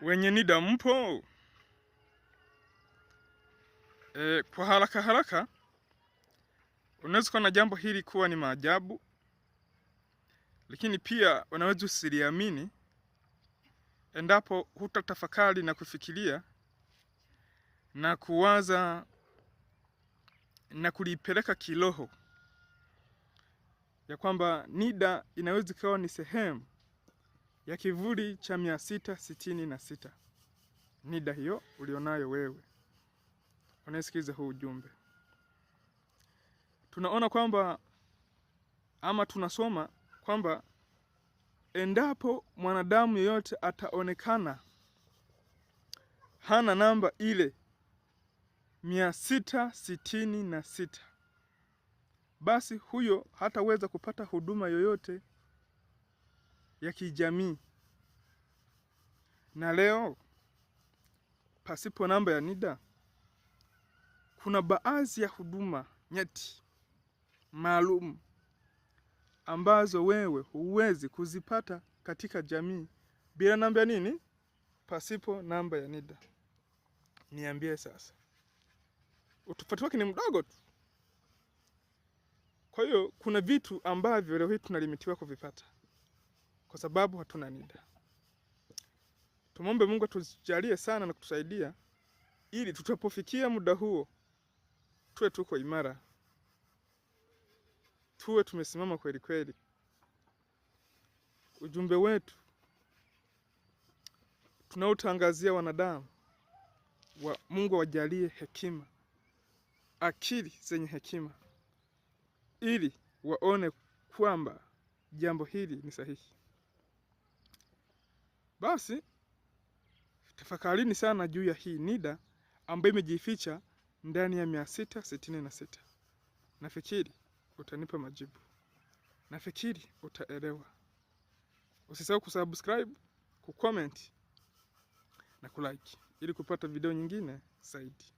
wenye NIDA mpo? E, kwa haraka haraka unaweza kuwa na jambo hili kuwa ni maajabu, lakini pia unaweza usiliamini endapo hutatafakari na kufikiria na kuwaza na kulipeleka kiroho ya kwamba NIDA inaweza ikawa ni sehemu ya kivuli cha mia sita sitini na sita. Nida hiyo ulionayo wewe unaesikiza huu ujumbe, tunaona kwamba ama tunasoma kwamba endapo mwanadamu yeyote ataonekana hana namba ile mia sita sitini na sita, basi huyo hataweza kupata huduma yoyote ya kijamii. Na leo pasipo namba ya NIDA kuna baadhi ya huduma nyeti maalum ambazo wewe huwezi kuzipata katika jamii bila namba ya nini? Pasipo namba ya NIDA. Niambie sasa, utofauti wake ni mdogo tu. Kwa hiyo kuna vitu ambavyo leo hii tunalimitiwa kuvipata kwa sababu hatuna NIDA. Tumombe Mungu atujalie sana na kutusaidia ili tutapofikia muda huo tuwe tuko imara, tuwe tumesimama kweli kweli. Ujumbe wetu tunaotangazia wanadamu wa Mungu awajalie hekima, akili zenye hekima, ili waone kwamba jambo hili ni sahihi. Basi tafakarini sana juu ya hii NIDA ambayo imejificha ndani ya mia sita sitini na sita. Nafikiri utanipa majibu, nafikiri utaelewa. Usisahau kusubscribe, kucomment na kulike ili kupata video nyingine zaidi.